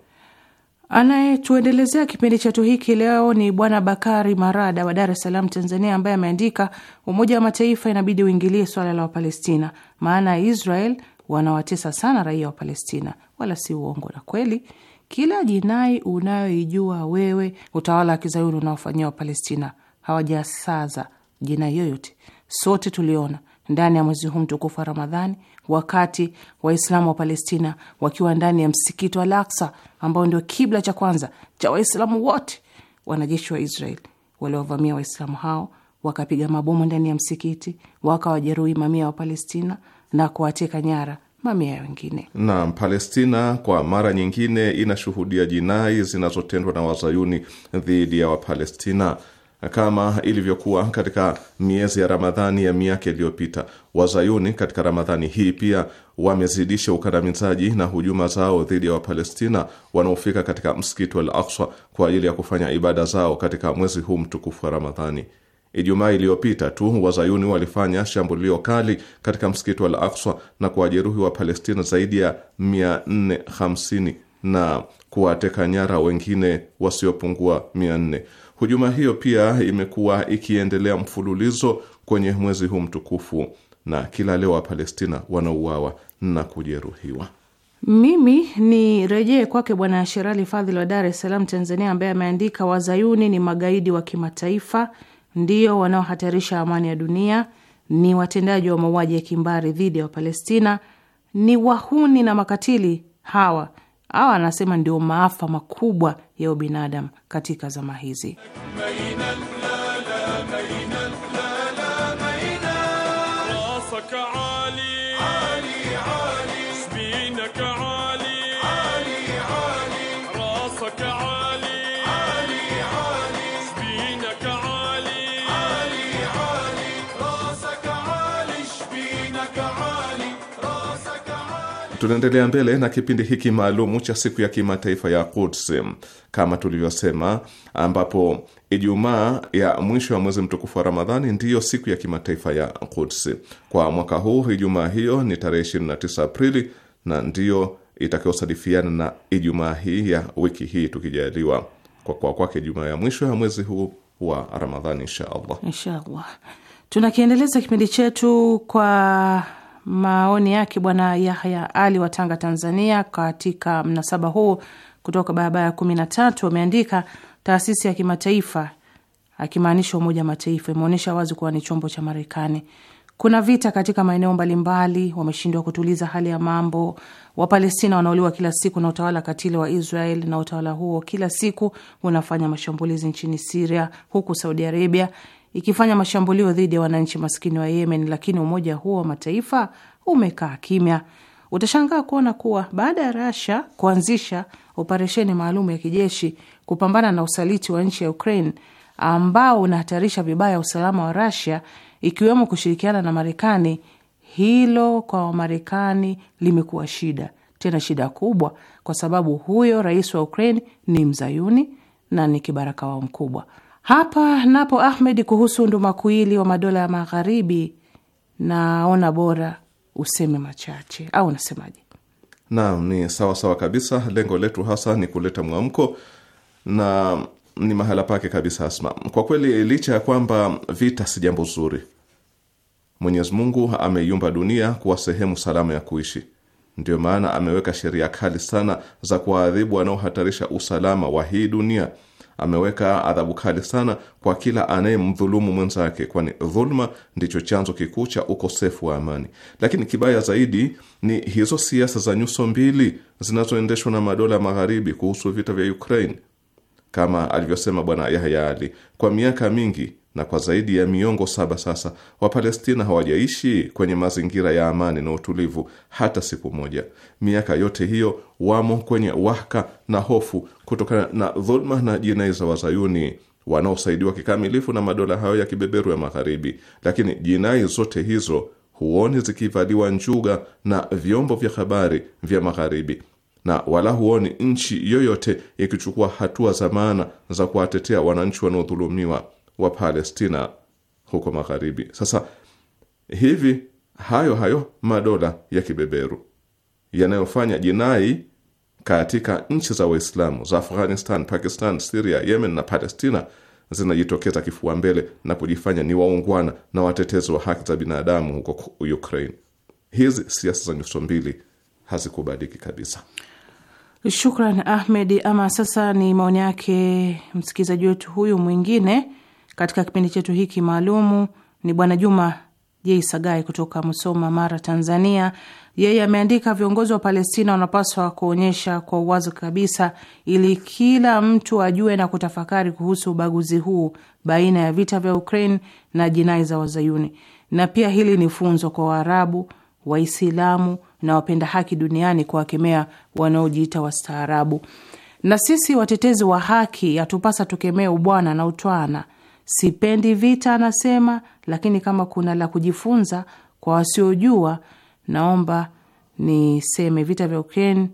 Anayetuendelezea kipindi chetu hiki leo ni Bwana Bakari Marada wa Dar es Salaam, Tanzania, ambaye ameandika, Umoja wa Mataifa inabidi uingilie swala la Wapalestina, maana Israel wanawatesa sana raia wa Palestina, wala si uongo. Na kweli kila jinai unayoijua wewe utawala wa kizayuni unaofanyia Wapalestina hawajasaza jinai yoyote, sote tuliona ndani ya mwezi huu mtukufu wa Ramadhani, wakati Waislamu wa Palestina wakiwa ndani ya msikiti wa Al-Aqsa ambao ndio kibla cha kwanza cha Waislamu wote, wanajeshi wa Israel waliovamia Waislamu hao wakapiga mabomu ndani ya msikiti, wakawajeruhi mamia wa Palestina na kuwateka nyara mamia wengine. Naam, Palestina kwa mara nyingine inashuhudia jinai zinazotendwa na wazayuni dhidi ya Wapalestina kama ilivyokuwa katika miezi ya Ramadhani ya miaka iliyopita. Wazayuni katika Ramadhani hii pia wamezidisha ukandamizaji na hujuma zao dhidi ya Wapalestina wanaofika katika msikiti wa Al-Aqsa kwa ajili ya kufanya ibada zao katika mwezi huu mtukufu wa Ramadhani. Ijumaa iliyopita tu Wazayuni walifanya shambulio kali katika msikiti wa Al-Aqsa na kuwajeruhi wa Palestina zaidi ya 450 na kuwateka nyara wengine wasiopungua 400. Hujuma hiyo pia imekuwa ikiendelea mfululizo kwenye mwezi huu mtukufu, na kila leo Wapalestina wanauawa na kujeruhiwa. Mimi ni rejee kwake Bwana Sherali Fadhili wa Dar es Salaam, Tanzania, ambaye ameandika wazayuni ni magaidi wa kimataifa, ndio wanaohatarisha amani ya dunia, ni watendaji wa mauaji ya kimbari dhidi ya Wapalestina, ni wahuni na makatili hawa au anasema ndio maafa makubwa ya ubinadamu katika zama hizi. Tunaendelea mbele na kipindi hiki maalumu cha siku ya kimataifa ya Quds kama tulivyosema, ambapo Ijumaa ya mwisho wa mwezi mtukufu wa Ramadhani ndiyo siku ya kimataifa ya Quds. Kwa mwaka huu Ijumaa hiyo ni tarehe 29 Aprili na ndiyo itakayosadifiana na Ijumaa hii ya wiki hii tukijaliwa, kwa kwa kwake Ijumaa ya mwisho ya mwezi huu wa Ramadhani, inshaallah, inshaallah. tunakiendeleza kipindi chetu kwa maoni yake Bwana Yahya Ali wa Tanga, Tanzania, katika mnasaba huu kutoka barabara ya kumi na tatu ameandika, taasisi ya kimataifa akimaanisha Umoja wa Mataifa imeonyesha wazi kuwa ni chombo cha Marekani. Kuna vita katika maeneo mbalimbali, wameshindwa kutuliza hali ya mambo. Wapalestina wanauliwa kila siku na utawala katili wa Israel, na utawala huo kila siku unafanya mashambulizi nchini Siria, huku Saudi Arabia ikifanya mashambulio dhidi ya wananchi maskini wa Yemen, lakini umoja huo wa mataifa umekaa kimya. Utashangaa kuona kuwa baada ya Russia kuanzisha operesheni maalum ya kijeshi kupambana na usaliti wa nchi ya Ukraine ambao unahatarisha vibaya usalama wa Russia, ikiwemo kushirikiana na Marekani, hilo kwa Wamarekani limekuwa shida, tena shida kubwa, kwa sababu huyo rais wa Ukraine ni mzayuni na ni kibaraka wao mkubwa. Hapa napo Ahmed, kuhusu ndumakuili wa madola ya magharibi, naona bora useme machache, au unasemaje? Naam, ni sawa sawa kabisa. Lengo letu hasa ni kuleta mwamko na ni mahala pake kabisa, Asma. Kwa kweli, licha ya kwamba vita si jambo zuri, Mwenyezi Mungu ameiumba dunia kuwa sehemu salama ya kuishi. Ndiyo maana ameweka sheria kali sana za kuwaadhibu wanaohatarisha usalama wa hii dunia ameweka adhabu kali sana kwa kila anayemdhulumu mwenzake, kwani dhuluma ndicho chanzo kikuu cha ukosefu wa amani. Lakini kibaya zaidi ni hizo siasa za nyuso mbili zinazoendeshwa na madola magharibi kuhusu vita vya Ukraine. Kama alivyosema Bwana Yahya Ali, kwa miaka mingi na kwa zaidi ya miongo saba sasa Wapalestina hawajaishi kwenye mazingira ya amani na utulivu hata siku moja. Miaka yote hiyo wamo kwenye wahaka na hofu kutokana na dhuluma na jinai za Wazayuni wanaosaidiwa kikamilifu na madola hayo ya kibeberu ya Magharibi, lakini jinai zote hizo huoni zikivaliwa njuga na vyombo vya habari vya Magharibi na wala huoni nchi yoyote ikichukua hatua za maana za kuwatetea wananchi wanaodhulumiwa wa Palestina huko magharibi. Sasa hivi hayo hayo madola ya kibeberu yanayofanya jinai katika nchi za Waislamu za Afghanistan, Pakistan, Syria, Yemen na Palestina zinajitokeza kifua mbele na kujifanya ni waungwana na watetezi wa haki za binadamu huko Ukraine. Hizi siasa za nyuso mbili hazikubaliki kabisa. Shukran Ahmed. Ama sasa ni maoni yake msikilizaji wetu huyu mwingine katika kipindi chetu hiki maalumu ni Bwana Juma Jei Sagai kutoka Musoma, Mara, Tanzania. Yeye ameandika, viongozi wa Palestina wanapaswa kuonyesha kwa uwazi kabisa, ili kila mtu ajue na kutafakari kuhusu ubaguzi huu baina ya vita vya Ukraine na jinai za Wazayuni. Na pia hili ni funzo kwa Waarabu, Waislamu na wapenda haki duniani kuwakemea wanaojiita wastaarabu. Na sisi watetezi wa haki hatupasa tukemee ubwana na utwana Sipendi vita, anasema, lakini kama kuna la kujifunza kwa wasiojua, naomba niseme vita vya Ukraine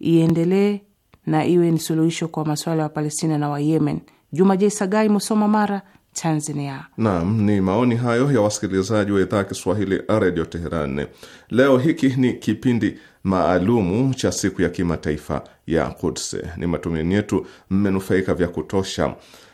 iendelee na iwe ni suluhisho kwa masuala ya Palestina na wayemen Juma J Musoma, Mara, Tanzania. Naam, ni maoni hayo ya wasikilizaji wa idhaa ya Kiswahili Redio Teheran. Leo hiki ni kipindi maalumu cha siku ya kimataifa ya Kudse. Ni matumaini yetu mmenufaika vya kutosha.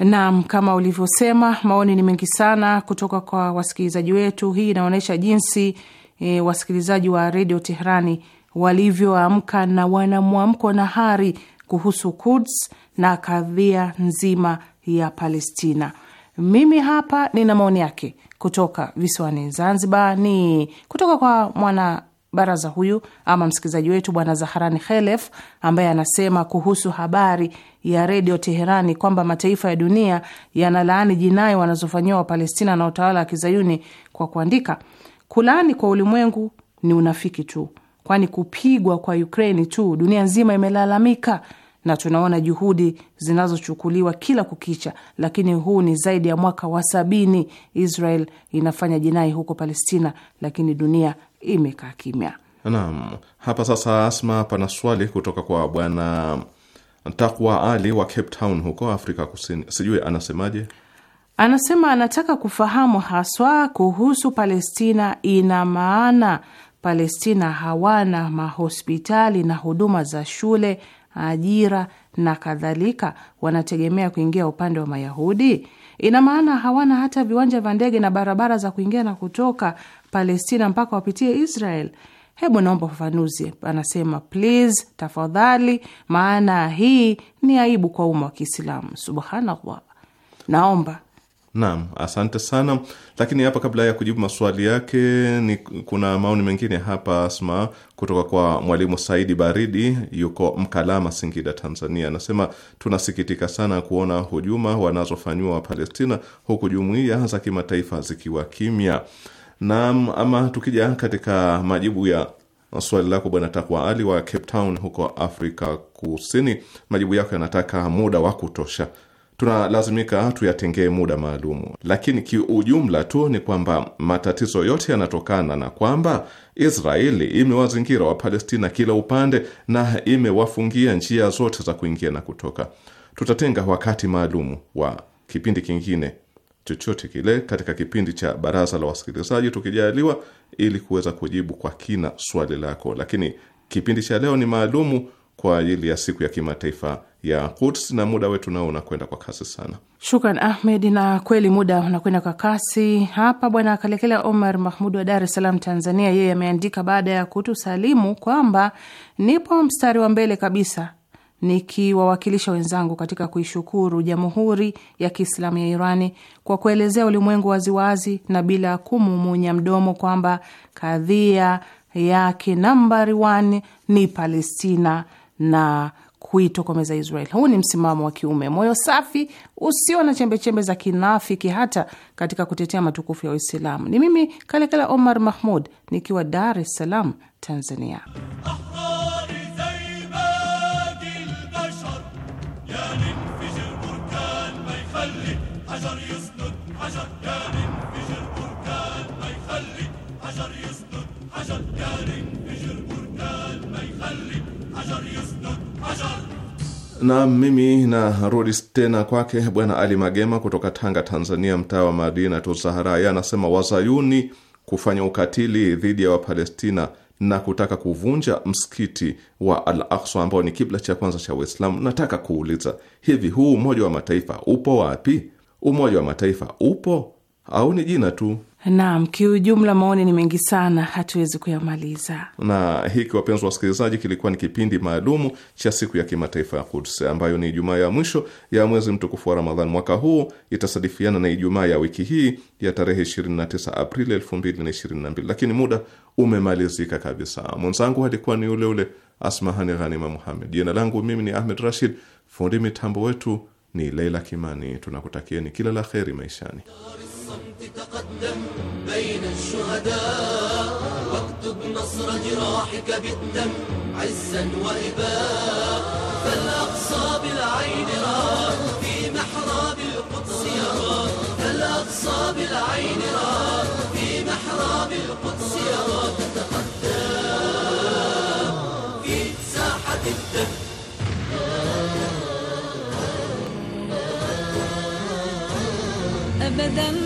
Naam, kama ulivyosema, maoni ni mengi sana kutoka kwa wasikilizaji wetu. Hii inaonyesha jinsi e, wasikilizaji wa redio Teherani walivyoamka na wana mwamko na hari kuhusu Kuds na kadhia nzima ya Palestina. Mimi hapa nina maoni yake kutoka visiwani Zanzibar, ni kutoka kwa mwana baraza huyu ama msikilizaji wetu bwana Zaharani Khelef ambaye anasema kuhusu habari ya redio Teherani kwamba mataifa ya dunia yanalaani jinai wanazofanyiwa Wapalestina na utawala wa kizayuni kwa kuandika, kulaani kwa ulimwengu ni unafiki tu, kwani kupigwa kwa Ukraini tu dunia nzima imelalamika na tunaona juhudi zinazochukuliwa kila kukicha, lakini huu ni zaidi ya mwaka wa sabini Israel inafanya jinai huko Palestina, lakini dunia imekaa kimya. Naam, hapa sasa, Asma, pana swali kutoka kwa bwana Takwa Ali wa Cape Town huko Afrika Kusini. Sijui anasemaje? Anasema anataka kufahamu haswa kuhusu Palestina. Ina maana Palestina hawana mahospitali na huduma za shule, ajira na kadhalika, wanategemea kuingia upande wa Mayahudi? Ina maana hawana hata viwanja vya ndege na barabara za kuingia na kutoka, Palestina mpaka wapitie Israel? Hebu naomba ufafanuzi. Anasema please, tafadhali, maana hii ni aibu kwa umma wa Kiislamu. Subhanallah, naomba Naam, asante sana. Lakini hapa kabla ya kujibu maswali yake ni kuna maoni mengine hapa Asma, kutoka kwa mwalimu Saidi Baridi, yuko Mkalama, Singida, Tanzania. Anasema tunasikitika sana kuona hujuma wanazofanyiwa Wapalestina, huku jumuiya za kimataifa zikiwa kimya. Naam, ama tukija katika majibu ya swali lako Bwana Takwa Ali wa Cape Town huko Afrika Kusini, majibu yako yanataka muda wa kutosha, tunalazimika tuyatengee muda maalumu, lakini kiujumla tu ni kwamba matatizo yote yanatokana na kwamba Israeli imewazingira wapalestina kila upande na imewafungia njia zote za kuingia na kutoka. Tutatenga wakati maalumu wa kipindi kingine chochote kile katika kipindi cha baraza la wasikilizaji tukijaliwa, ili kuweza kujibu kwa kina swali lako. Lakini kipindi cha leo ni maalumu kwa ajili ya siku ya kimataifa ya Quds na muda wetu nao unakwenda kwa kasi sana. Shukran Ahmed, na kweli muda unakwenda kwa kasi hapa. Bwana Kalekela Omar Mahmud wa Dar es Salaam, Tanzania, yeye ameandika baada ya kutusalimu kwamba nipo mstari wa mbele kabisa nikiwawakilisha wenzangu katika kuishukuru Jamhuri ya Kiislamu ya Irani kwa kuelezea ulimwengu waziwazi na bila kumumunya mdomo kwamba kadhia yake nambari one ni Palestina na kuitokomeza Israel. Huu ni msimamo wa kiume, moyo safi usio na chembechembe za kinafiki, hata katika kutetea matukufu ya Uislamu. Ni mimi kalekala Omar Mahmud nikiwa Dar es Salaam, Tanzania. na mimi narudi tena kwake Bwana Ali Magema kutoka Tanga, Tanzania, mtaa wa Madinatu Zaharaya. Anasema wazayuni kufanya ukatili dhidi ya Wapalestina na kutaka kuvunja msikiti wa Al Aksa ambao ni kibla cha kwanza cha Uislamu. Nataka kuuliza hivi, huu Umoja wa Mataifa upo wapi? Umoja wa Mataifa upo au ni jina tu? Naam, kiujumla maoni ni mengi sana, hatuwezi kuyamaliza. Na hiki, wapenzi wasikilizaji, kilikuwa ni kipindi maalumu cha siku ya kimataifa ya Quds ambayo ni Ijumaa ya mwisho ya mwezi mtukufu wa Ramadhan mwaka huu, itasadifiana na Ijumaa ya wiki hii ya tarehe 29 Aprili 2022, lakini muda umemalizika kabisa. Mwenzangu alikuwa ni uleule ule Asmahani Ghanima Muhamed. Jina langu mimi ni Ahmed Rashid, fundi mitambo wetu ni Leila Kimani. Tunakutakieni kila la kheri maishani. دم بين الشهداء واكتب نصر جراحك بالدم عزا وإباء فالأقصى بالعين راك في محراب القدس يراك فالأقصى بالعين راك في محراب القدس يراك تتقدم في ساحة الدم أبداً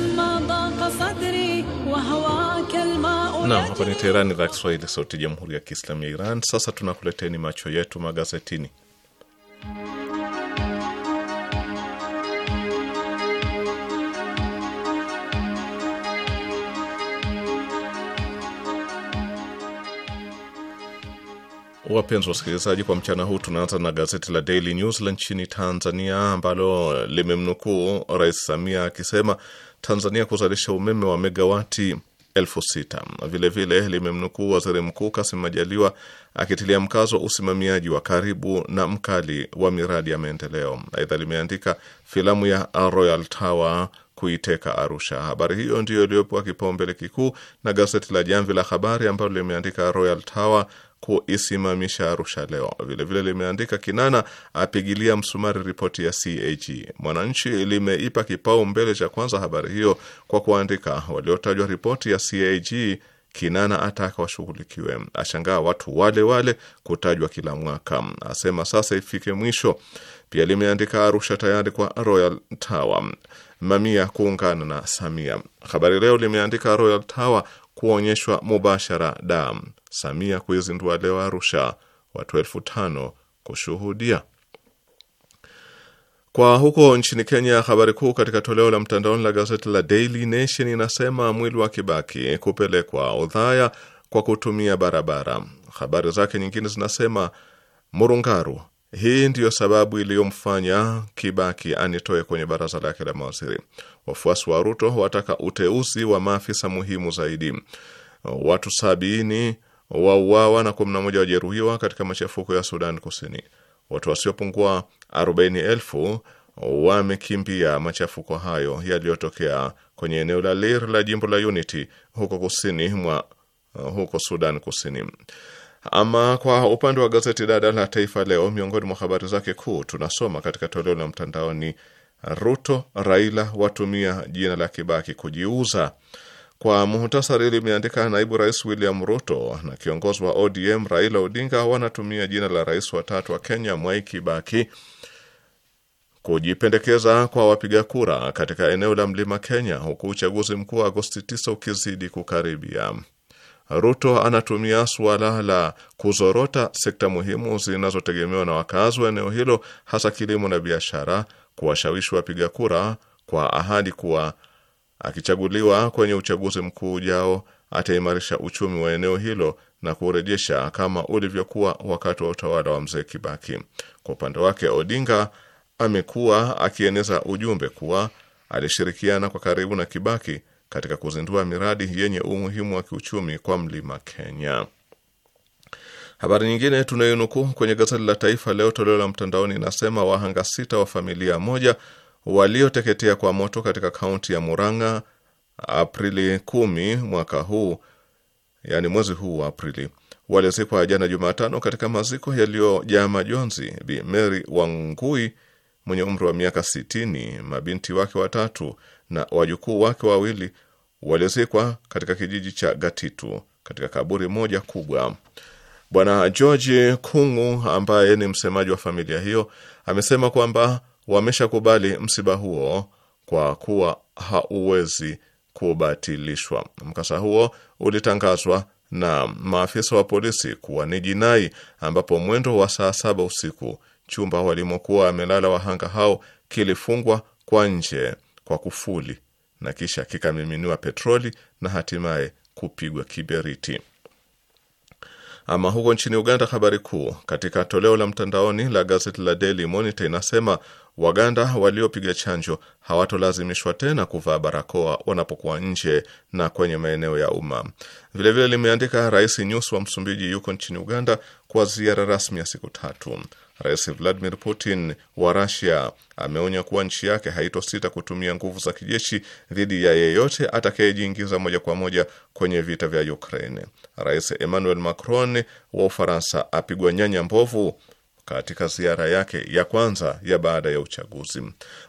Nam, hapa ni Teherani, idhaa Kiswahili, sauti ya jamhuri ya kiislamu ya Iran. Sasa tunakuleteni macho yetu magazetini. Wapenzi wasikilizaji, kwa mchana huu tunaanza na gazeti la Daily News la nchini Tanzania ambalo limemnukuu Rais Samia akisema Tanzania kuzalisha umeme wa megawati elfu sita. Vilevile limemnukuu waziri mkuu Kasim Majaliwa akitilia mkazo usimamiaji wa karibu na mkali wa miradi ya maendeleo. Aidha limeandika filamu ya Royal Tower kuiteka Arusha. Habari hiyo ndiyo iliyopewa kipaumbele kikuu na gazeti la Jamvi la Habari ambalo limeandika Royal Tower kuisimamisha Arusha leo. Vilevile limeandika Kinana apigilia msumari ripoti ya CAG. Mwananchi limeipa kipaumbele cha kwanza habari hiyo kwa kuandika waliotajwa ripoti ya CAG Kinana ataka washughulikiwe, ashangaa watu wale wale kutajwa kila mwaka, asema sasa ifike mwisho. Pia limeandika Arusha tayari kwa Royal Tower mamia kuungana na Samia. Habari Leo limeandika Royal Tower kuonyeshwa mubashara dam, Samia kuizindua leo Arusha, watu elfu tano kushuhudia. Kwa huko nchini Kenya, habari kuu katika toleo la mtandaoni la gazeti la Daily Nation inasema mwili wa Kibaki kupelekwa Udhaya kwa kutumia barabara. Habari zake nyingine zinasema Murungaru hii ndiyo sababu iliyomfanya Kibaki anitoe kwenye baraza lake la mawaziri. Wafuasi wa Ruto wataka uteuzi wa maafisa muhimu zaidi. Watu sabini wauawa na kumi na moja wajeruhiwa katika machafuko ya Sudan Kusini. Watu wasiopungua arobaini elfu wamekimbia machafuko hayo yaliyotokea kwenye eneo la Lir la jimbo la Unity huko kusini mwa huko Sudan Kusini. Ama kwa upande wa gazeti dada la Taifa Leo, miongoni mwa habari zake kuu tunasoma katika toleo la mtandaoni, Ruto Raila watumia jina la Kibaki kujiuza. Kwa muhtasari, limeandika naibu rais William Ruto na kiongozi wa ODM Raila Odinga wanatumia jina la rais wa tatu wa Kenya Mwai Kibaki kujipendekeza kwa wapiga kura katika eneo la mlima Kenya, huku uchaguzi mkuu wa Agosti 9 ukizidi kukaribia. Ruto anatumia suala la kuzorota sekta muhimu zinazotegemewa na wakazi wa eneo hilo, hasa kilimo na biashara, kuwashawishi wapiga kura kwa ahadi kuwa akichaguliwa kwenye uchaguzi mkuu ujao ataimarisha uchumi wa eneo hilo na kurejesha kama ulivyokuwa wakati wa utawala wa mzee Kibaki. Kwa upande wake, Odinga amekuwa akieneza ujumbe kuwa alishirikiana kwa karibu na Kibaki katika kuzindua miradi yenye umuhimu wa kiuchumi kwa mlima Kenya. Habari nyingine tunayonukuu kwenye gazeti la Taifa Leo toleo la mtandaoni inasema wahanga sita wa familia moja walioteketea kwa moto katika kaunti ya Murang'a Aprili kumi mwaka huu, yani mwezi huu wa Aprili, walizikwa jana Jumatano katika maziko yaliyojaa majonzi. Bi Mary Wangui mwenye umri wa miaka sitini, mabinti wake watatu na wajukuu wake wawili walizikwa katika kijiji cha Gatitu katika kaburi moja kubwa. Bwana George Kung'u ambaye ni msemaji wa familia hiyo amesema kwamba wameshakubali msiba huo kwa kuwa hauwezi kubatilishwa. Mkasa huo ulitangazwa na maafisa wa polisi kuwa ni jinai, ambapo mwendo wa saa saba usiku Chumba walimokuwa amelala wahanga hao kilifungwa kwa nje kwa kufuli na kisha kikamiminiwa petroli na hatimaye kupigwa kiberiti. Ama huko nchini Uganda, habari kuu katika toleo la mtandaoni la gazeti la Daily Monitor inasema Waganda waliopiga chanjo hawatolazimishwa tena kuvaa barakoa wanapokuwa nje na kwenye maeneo ya umma. Vilevile limeandika Rais Nyusi wa Msumbiji yuko nchini Uganda kwa ziara rasmi ya siku tatu. Rais Vladimir Putin wa Rusia ameonya kuwa nchi yake haitosita kutumia nguvu za kijeshi dhidi ya yeyote atakayejiingiza moja kwa moja kwenye vita vya Ukraine. Rais Emmanuel Macron wa Ufaransa apigwa nyanya mbovu katika ziara yake ya kwanza ya baada ya uchaguzi.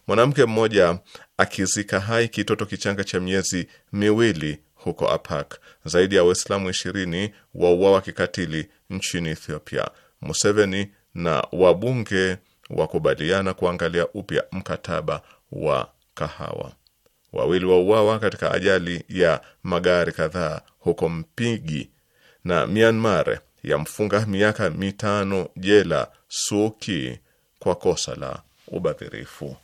Mwanamke mmoja akizika hai kitoto kichanga cha miezi miwili huko Apak. Zaidi ya Waislamu ishirini wauawa kikatili nchini Ethiopia. Museveni na wabunge wakubaliana kuangalia upya mkataba wa kahawa. Wawili wauawa katika ajali ya magari kadhaa huko Mpigi, na Myanmar yamfunga miaka mitano jela Suki kwa kosa la ubadhirifu.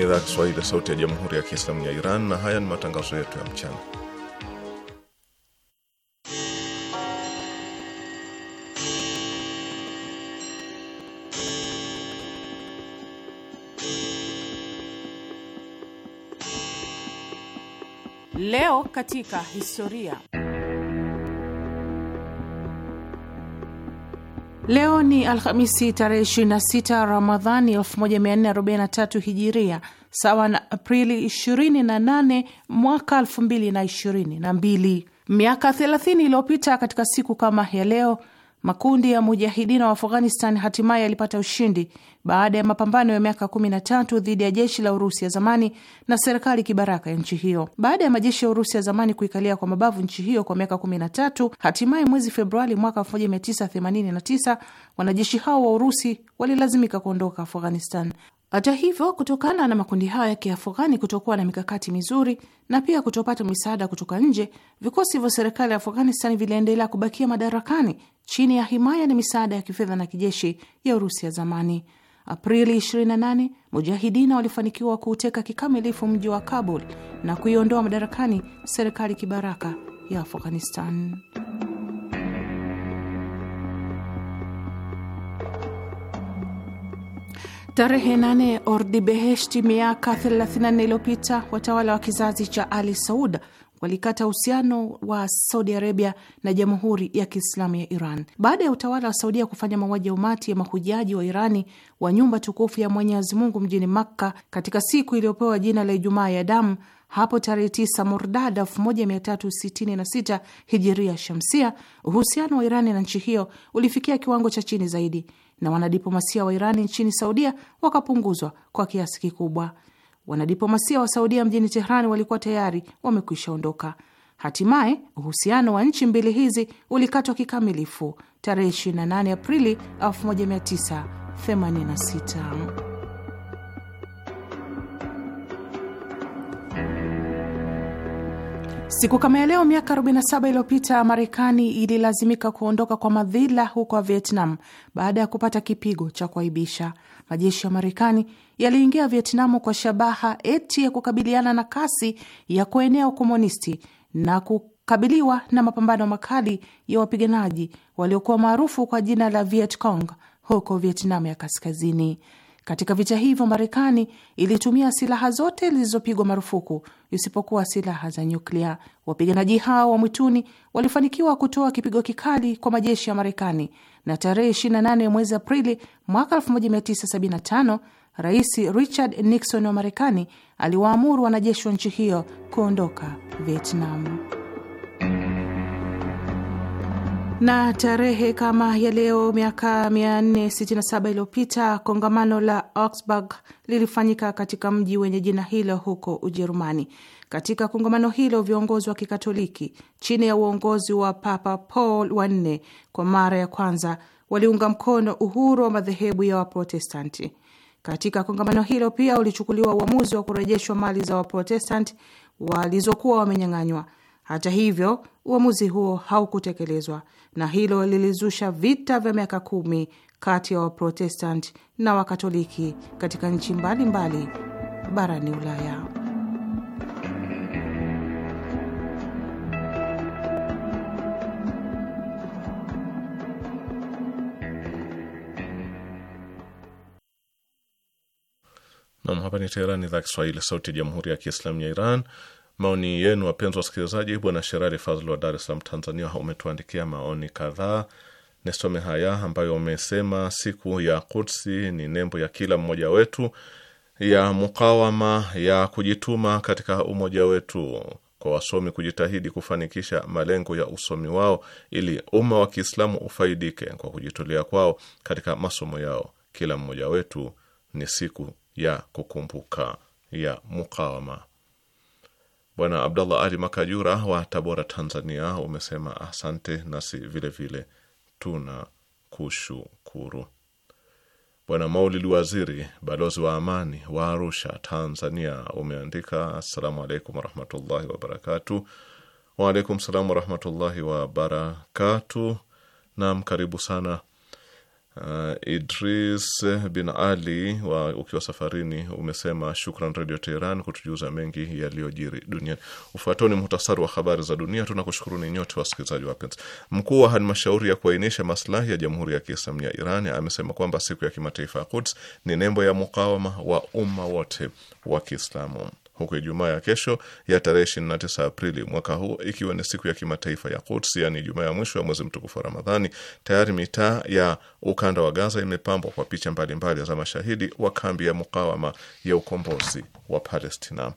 ni idhaa Kiswahili, sauti ya jamhuri ya kiislamu ya Iran, na haya ni matangazo yetu ya mchana. Leo katika historia Leo ni Alhamisi tarehe 26 Ramadhani 1443 Hijiria, sawa na Aprili 28 mwaka 2022. Miaka 30 iliyopita katika siku kama ya leo Makundi ya mujahidina wa Afghanistan hatimaye yalipata ushindi baada ya mapambano ya miaka 13 dhidi ya jeshi la Urusi ya zamani na serikali kibaraka ya nchi hiyo. Baada ya majeshi ya Urusi ya zamani kuikalia kwa mabavu nchi hiyo kwa miaka 13, hatimaye mwezi Februari mwaka 1989 wanajeshi hao wa Urusi walilazimika kuondoka Afghanistan. Hata hivyo, kutokana na makundi hayo ya Kiafghani kutokuwa na mikakati mizuri na pia kutopata misaada kutoka nje, vikosi vya serikali ya Afghanistan viliendelea kubakia madarakani chini ya himaya na misaada ya kifedha na kijeshi ya Urusi ya zamani. Aprili 28 mujahidina walifanikiwa kuuteka kikamilifu mji wa Kabul na kuiondoa madarakani serikali kibaraka ya Afghanistan. Tarehe 8 Ordibeheshti miaka 34 iliyopita watawala wa kizazi cha Ali Saud walikata uhusiano wa Saudi Arabia na Jamhuri ya Kiislamu ya Iran baada ya utawala wa Saudia kufanya mauaji ya umati ya mahujaji wa Irani wa nyumba tukufu ya Mwenyezi Mungu mjini Makka katika siku iliyopewa jina la Ijumaa ya Damu hapo tarehe 9 Mordad 1366 hijiria shamsia, uhusiano wa Irani na nchi hiyo ulifikia kiwango cha chini zaidi na wanadiplomasia wa Irani nchini Saudia wakapunguzwa kwa kiasi kikubwa. Wanadiplomasia wa Saudia mjini Tehrani walikuwa tayari wamekwisha ondoka. Hatimaye uhusiano wa nchi mbili hizi ulikatwa kikamilifu tarehe 28 Aprili 1986. Siku kama ya leo miaka 47 iliyopita Marekani ililazimika kuondoka kwa madhila huko Vietnam baada ya kupata kipigo cha kuaibisha. Majeshi ya Marekani yaliingia Vietnamu kwa shabaha eti ya kukabiliana na kasi ya kuenea ukomunisti na kukabiliwa na mapambano makali ya wapiganaji waliokuwa maarufu kwa jina la Viet Cong huko Vietnam ya kaskazini. Katika vita hivyo, Marekani ilitumia silaha zote zilizopigwa marufuku isipokuwa silaha za nyuklia. Wapiganaji hao wa mwituni walifanikiwa kutoa kipigo kikali kwa majeshi ya Marekani, na tarehe 28 mwezi Aprili mwaka 1975 Rais Richard Nixon wa Marekani aliwaamuru wanajeshi wa nchi hiyo kuondoka Vietnam na tarehe kama ya leo miaka 467 iliyopita kongamano la Augsburg lilifanyika katika mji wenye jina hilo huko Ujerumani. Katika kongamano hilo viongozi wa Kikatoliki chini ya uongozi wa Papa Paul wa nne kwa mara ya kwanza waliunga mkono uhuru wa madhehebu ya Waprotestanti. Katika kongamano hilo pia ulichukuliwa uamuzi wa kurejeshwa mali za Waprotestanti walizokuwa wamenyang'anywa hata hivyo, uamuzi huo haukutekelezwa na hilo lilizusha vita vya miaka kumi kati ya waprotestant na Wakatoliki katika nchi mbalimbali barani Ulaya. Nam, hapa ni Teherani, idhaa Kiswahili, sauti ya jamhuri ya kiislamu ya Iran maoni yenu, wapenzi wasikilizaji. Bwana Sherali Fazl wa Dar es Salaam, Tanzania, umetuandikia maoni kadhaa nisome haya ambayo umesema siku ya Kudsi ni nembo ya kila mmoja wetu ya mukawama ya kujituma katika umoja wetu, kwa wasomi kujitahidi kufanikisha malengo ya usomi wao ili umma wa Kiislamu ufaidike kwa kujitolea kwao katika masomo yao. Kila mmoja wetu ni siku ya kukumbuka ya mukawama. Bwana Abdallah Ali Makajura wa Tabora, Tanzania, umesema asante, nasi vilevile tuna kushukuru. Bwana Maulid Waziri, balozi wa amani wa Arusha, Tanzania, umeandika assalamu alaikum warahmatullahi wabarakatu. Waalaikum salam warahmatullahi wabarakatu. Nam, karibu sana Uh, Idris bin Ali wa ukiwa safarini umesema shukran Radio Teheran kutujuza mengi yaliyojiri duniani. Ufuatao ni muhtasari wa habari za dunia. ni nyote wasikilizaji wapenzi. Mkuu wa halmashauri ya kuainisha maslahi ya Jamhuri ya Kiislamu ya Iran amesema kwamba siku ya kimataifa ya Quds ni nembo ya mukawama wa umma wote wa Kiislamu huku Ijumaa ya kesho ya tarehe 29 Aprili mwaka huu ikiwa ni siku ya kimataifa ya Quds, yani Ijumaa ya mwisho ya mwezi mtukufu wa Ramadhani, tayari mitaa ya ukanda wa Gaza imepambwa kwa picha mbalimbali za mashahidi wa kambi ya mukawama ya ukombozi wa Palestina.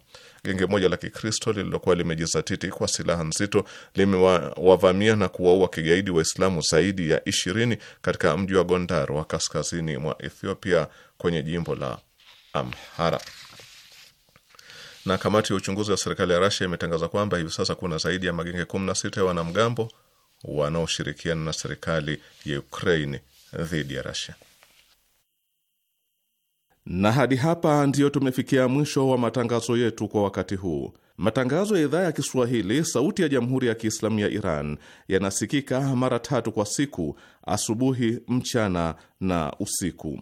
Genge moja la Kikristo lililokuwa limejizatiti kwa silaha nzito limewavamia na kuwaua kigaidi Waislamu zaidi ya ishirini katika mji wa Gondar wa kaskazini mwa Ethiopia kwenye jimbo la Amhara. Na kamati ya uchunguzi wa serikali ya Russia imetangaza kwamba hivi sasa kuna zaidi ya magenge 16 ya wanamgambo wanaoshirikiana na serikali ya Ukraine dhidi ya Russia. Na hadi hapa ndiyo tumefikia mwisho wa matangazo yetu kwa wakati huu. Matangazo ya idhaa ya Kiswahili sauti ya Jamhuri ya Kiislamu ya Iran yanasikika mara tatu kwa siku: asubuhi, mchana na usiku.